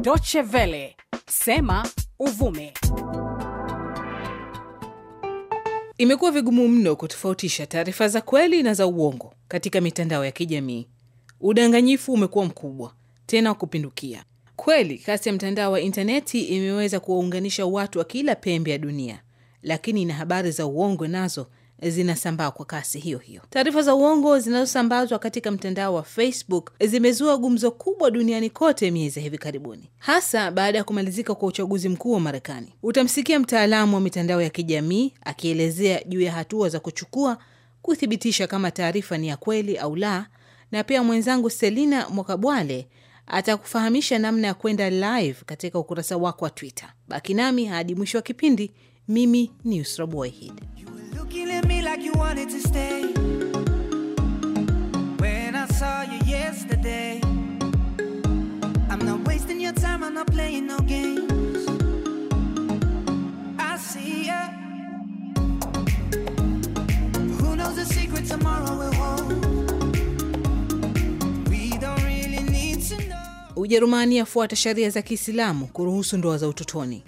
Deutsche Welle, sema uvume. Imekuwa vigumu mno kutofautisha taarifa za kweli na za uongo katika mitandao ya kijamii. Udanganyifu umekuwa mkubwa tena wa kupindukia. Kweli, kasi ya mtandao wa intaneti imeweza kuwaunganisha watu wa kila pembe ya dunia, lakini na habari za uongo nazo zinasambaa kwa kasi hiyo hiyo. Taarifa za uongo zinazosambazwa katika mtandao wa Facebook zimezua gumzo kubwa duniani kote miezi ya hivi karibuni, hasa baada ya kumalizika kwa uchaguzi mkuu wa Marekani. Utamsikia mtaalamu wa mitandao ya kijamii akielezea juu ya hatua za kuchukua kuthibitisha kama taarifa ni ya kweli au la, na pia mwenzangu Selina Mwakabwale atakufahamisha namna ya kwenda live katika ukurasa wako wa Twitter. Baki nami hadi mwisho wa kipindi. Mimi ni Usra Boyhid looking at me like you wanted to stay. When I saw you yesterday, I'm not wasting your time, I'm not playing no games. I see ya. Who knows the secret tomorrow will hold? Ujerumani yafuata sheria za Kiislamu kuruhusu ndoa za utotoni.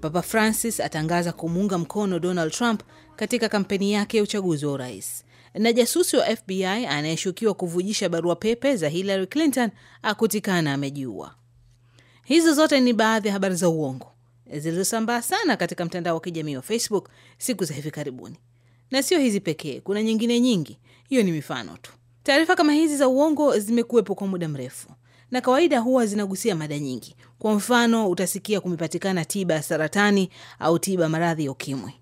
Papa Francis atangaza kumuunga mkono Donald Trump katika kampeni yake ya uchaguzi wa urais. Na jasusi wa FBI anayeshukiwa kuvujisha barua pepe za Hillary Clinton akutikana amejiua. Hizo zote ni baadhi ya habari za uongo zilizosambaa sana katika mtandao wa kijamii wa Facebook siku za hivi karibuni, na sio hizi pekee, kuna nyingine nyingi. Hiyo ni mifano tu. Taarifa kama hizi za uongo zimekuwepo kwa muda mrefu na kawaida huwa zinagusia mada nyingi, kwa mfano, utasikia kumepatikana tiba ya saratani au tiba maradhi ya ukimwi.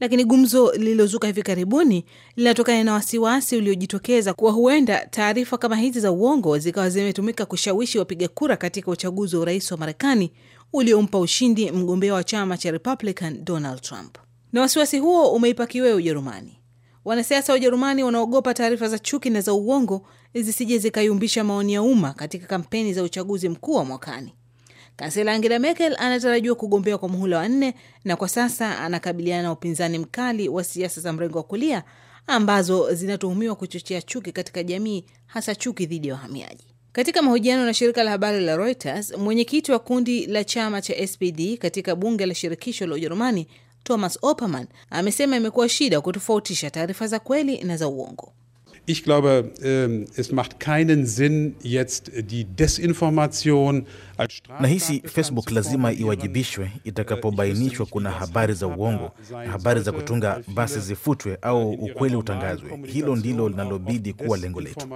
Lakini gumzo lililozuka hivi karibuni linatokana na wasiwasi uliojitokeza kuwa huenda taarifa kama hizi za uongo zikawa zimetumika kushawishi wapiga kura katika uchaguzi wa urais wa Marekani uliompa ushindi mgombea wa chama cha Republican Donald Trump, na wasiwasi huo umeipa kiwewe Ujerumani. Wanasiasa wa Ujerumani wanaogopa taarifa za chuki na za uongo zisije zikayumbisha maoni ya umma katika kampeni za uchaguzi mkuu wa mwakani. Kansela Angela Merkel anatarajiwa kugombea kwa muhula wa nne na kwa sasa anakabiliana na upinzani mkali wa siasa za mrengo wa kulia ambazo zinatuhumiwa kuchochea chuki katika jamii, hasa chuki dhidi ya wahamiaji. Katika mahojiano na shirika la habari la Reuters, mwenyekiti wa kundi la chama cha SPD katika bunge la shirikisho la Ujerumani Thomas Oppermann amesema imekuwa shida kutofautisha taarifa za kweli na za uongo ich glaube, ähm, es macht keinen Sinn, jetzt die Desinformation als Straftat. Nahisi Facebook lazima iwajibishwe itakapobainishwa äh, kuna habari za uongo na habari za kutunga, basi zifutwe au ukweli utangazwe. Hilo ndilo linalobidi kuwa lengo letu.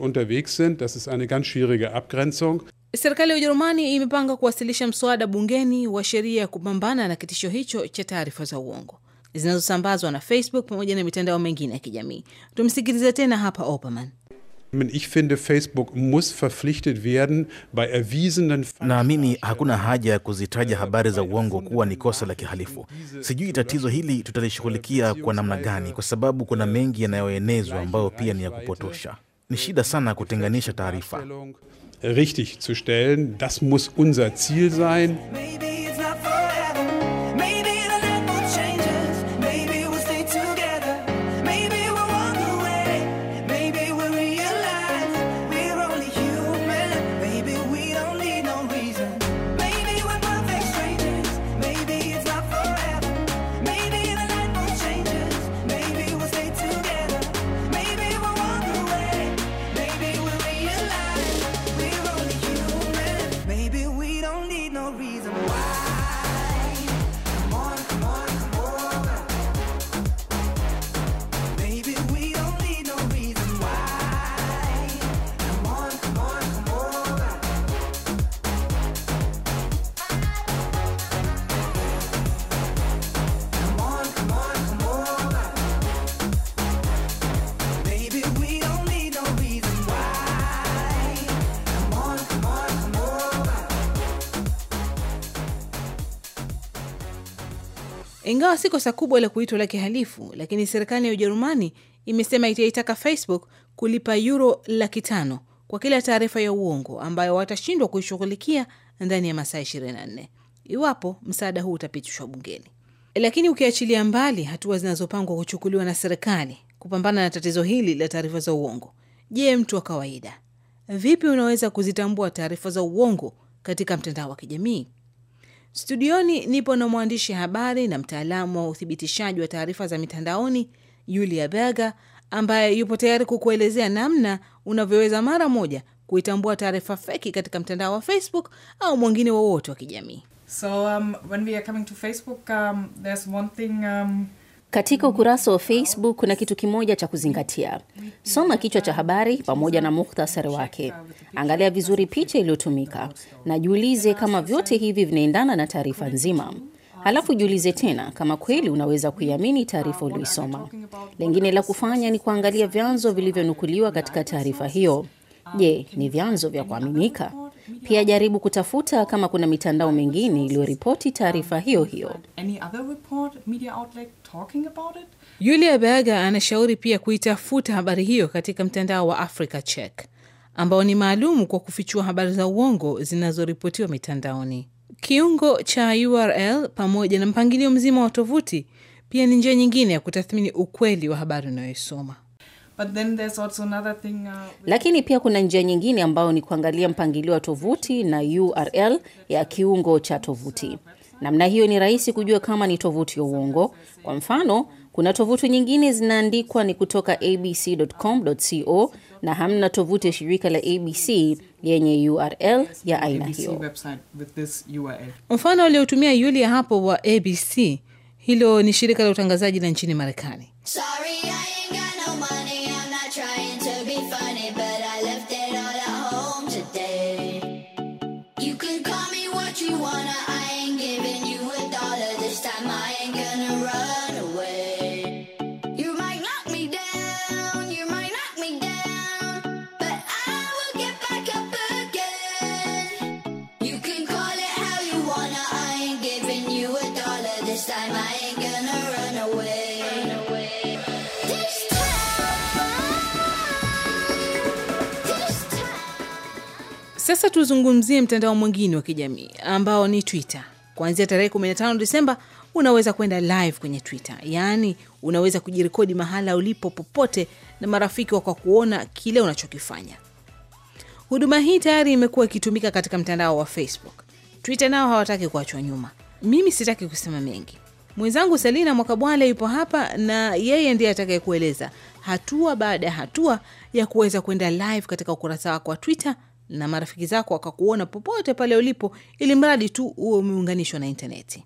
unterwegs sind, das ist eine ganz schwierige Abgrenzung. Serikali ya Ujerumani imepanga kuwasilisha mswada bungeni wa sheria ya kupambana na kitisho hicho cha taarifa za uongo zinazosambazwa na Facebook pamoja na mitandao mengine ya kijamii. Tumsikilize tena hapa Opperman. Ich finde, Facebook muss verpflichtet werden bei erwiesenen... Naamini hakuna haja ya kuzitaja habari za uongo kuwa ni kosa la kihalifu. Sijui tatizo hili tutalishughulikia kwa namna gani, kwa sababu kuna mengi yanayoenezwa ambayo pia ni ya kupotosha. Ni shida sana kutenganisha taarifa. Richtig zu stellen, das muss unser Ziel sein. Ingawa si kosa kubwa la kuitwa la kihalifu, lakini serikali ya Ujerumani imesema itaitaka Facebook kulipa yuro laki tano kwa kila taarifa ya uongo ambayo watashindwa kuishughulikia ndani ya masaa 24 iwapo msaada huu utapitishwa bungeni. Lakini ukiachilia mbali hatua zinazopangwa kuchukuliwa na serikali kupambana na tatizo hili la taarifa za uongo, je, mtu wa kawaida vipi unaweza kuzitambua taarifa za uongo katika mtandao wa kijamii? Studioni nipo na mwandishi habari na mtaalamu wa uthibitishaji wa taarifa za mitandaoni Julia Berger ambaye yupo tayari kukuelezea namna unavyoweza mara moja kuitambua taarifa feki katika mtandao wa Facebook au mwingine wowote wa, wa kijamii. So, um, when we are coming to Facebook, um, there's one thing, um... Katika ukurasa wa Facebook kuna kitu kimoja cha kuzingatia. Soma kichwa cha habari pamoja na muhtasari wake, angalia vizuri picha iliyotumika na jiulize kama vyote hivi vinaendana na taarifa nzima. Halafu jiulize tena kama kweli unaweza kuiamini taarifa uliyoisoma. Lengine la kufanya ni kuangalia vyanzo vilivyonukuliwa katika taarifa hiyo. Je, ni vyanzo vya kuaminika? Pia jaribu kutafuta kama kuna mitandao mingine iliyoripoti taarifa hiyo hiyo. Yulia Berger anashauri pia kuitafuta habari hiyo katika mtandao wa Africa Check ambao ni maalum kwa kufichua habari za uongo zinazoripotiwa mitandaoni. Kiungo cha URL pamoja na mpangilio mzima wa tovuti pia ni njia nyingine ya kutathmini ukweli wa habari unayoisoma. But then there's also another thing, uh, lakini pia kuna njia nyingine ambayo ni kuangalia mpangilio wa tovuti na URL ya kiungo cha tovuti. Namna hiyo ni rahisi kujua kama ni tovuti ya uongo. Kwa mfano, kuna tovuti nyingine zinaandikwa ni kutoka abc.com.co na hamna tovuti ya shirika la ABC yenye URL ya aina hiyo. Mfano aliotumia Yulia hapo wa ABC, hilo ni shirika la utangazaji la nchini Marekani. Sorry, I... Sasa tuzungumzie mtandao mwingine wa kijamii ambao ni Twitter. Kuanzia tarehe 15 Disemba unaweza kwenda live kwenye Twitter, yaani unaweza kujirekodi mahala ulipo popote na marafiki wakwa kuona kile unachokifanya. Huduma hii tayari imekuwa ikitumika katika mtandao wa Facebook. Twitter nao hawataki kuachwa nyuma. Mimi sitaki kusema mengi. Mwenzangu Selina Mwakabwale yupo hapa na yeye ndiye kueleza hatua baada ya hatua ya kuweza kwenda live katika ukurasa wako wa Twitter na marafiki zako wakakuona popote pale ulipo, ili mradi tu uwe umeunganishwa na intaneti.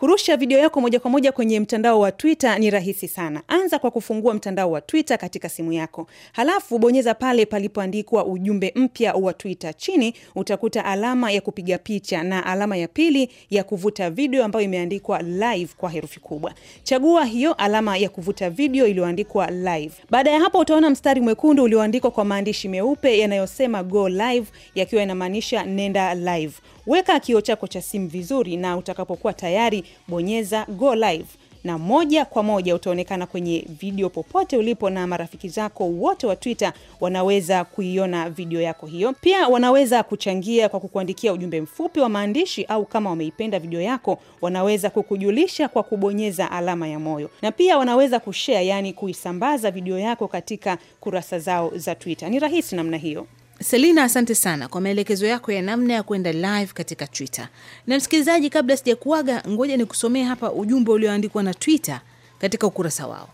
Kurusha video yako moja kwa moja kwenye mtandao wa Twitter ni rahisi sana. Anza kwa kufungua mtandao wa Twitter katika simu yako, halafu bonyeza pale palipoandikwa ujumbe mpya wa Twitter. Chini utakuta alama ya kupiga picha na alama ya pili ya kuvuta video ambayo imeandikwa live kwa herufi kubwa. Chagua hiyo alama ya kuvuta video iliyoandikwa live. Baada ya hapo, utaona mstari mwekundu ulioandikwa kwa maandishi meupe yanayosema go live, yakiwa yanamaanisha nenda live. Weka kioo chako cha simu vizuri, na utakapokuwa tayari bonyeza go live na moja kwa moja utaonekana kwenye video popote ulipo, na marafiki zako wote wa Twitter wanaweza kuiona video yako hiyo. Pia wanaweza kuchangia kwa kukuandikia ujumbe mfupi wa maandishi, au kama wameipenda video yako wanaweza kukujulisha kwa kubonyeza alama ya moyo, na pia wanaweza kushare, yani kuisambaza video yako katika kurasa zao za Twitter. Ni rahisi namna hiyo. Selina, asante sana kwa maelekezo yako ya namna ya kwenda live katika Twitter. Na msikilizaji, kabla sijakuaga, ngoja nikusomee hapa ujumbe ulioandikwa na Twitter katika ukurasa wao.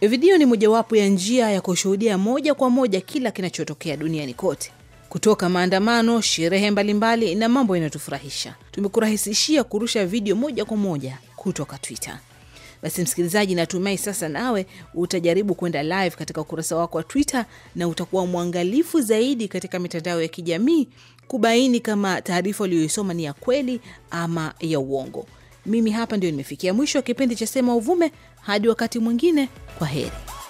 E, video ni mojawapo ya njia ya kushuhudia moja kwa moja kila kinachotokea duniani kote, kutoka maandamano, sherehe mbalimbali na mambo yanayotufurahisha. Tumekurahisishia kurusha video moja kwa moja kutoka Twitter. Basi msikilizaji, natumai sasa nawe utajaribu kwenda live katika ukurasa wako wa Twitter na utakuwa mwangalifu zaidi katika mitandao ya kijamii kubaini kama taarifa uliyoisoma ni ya kweli ama ya uongo. Mimi hapa ndio nimefikia mwisho wa kipindi cha Sema Uvume. Hadi wakati mwingine, kwa heri.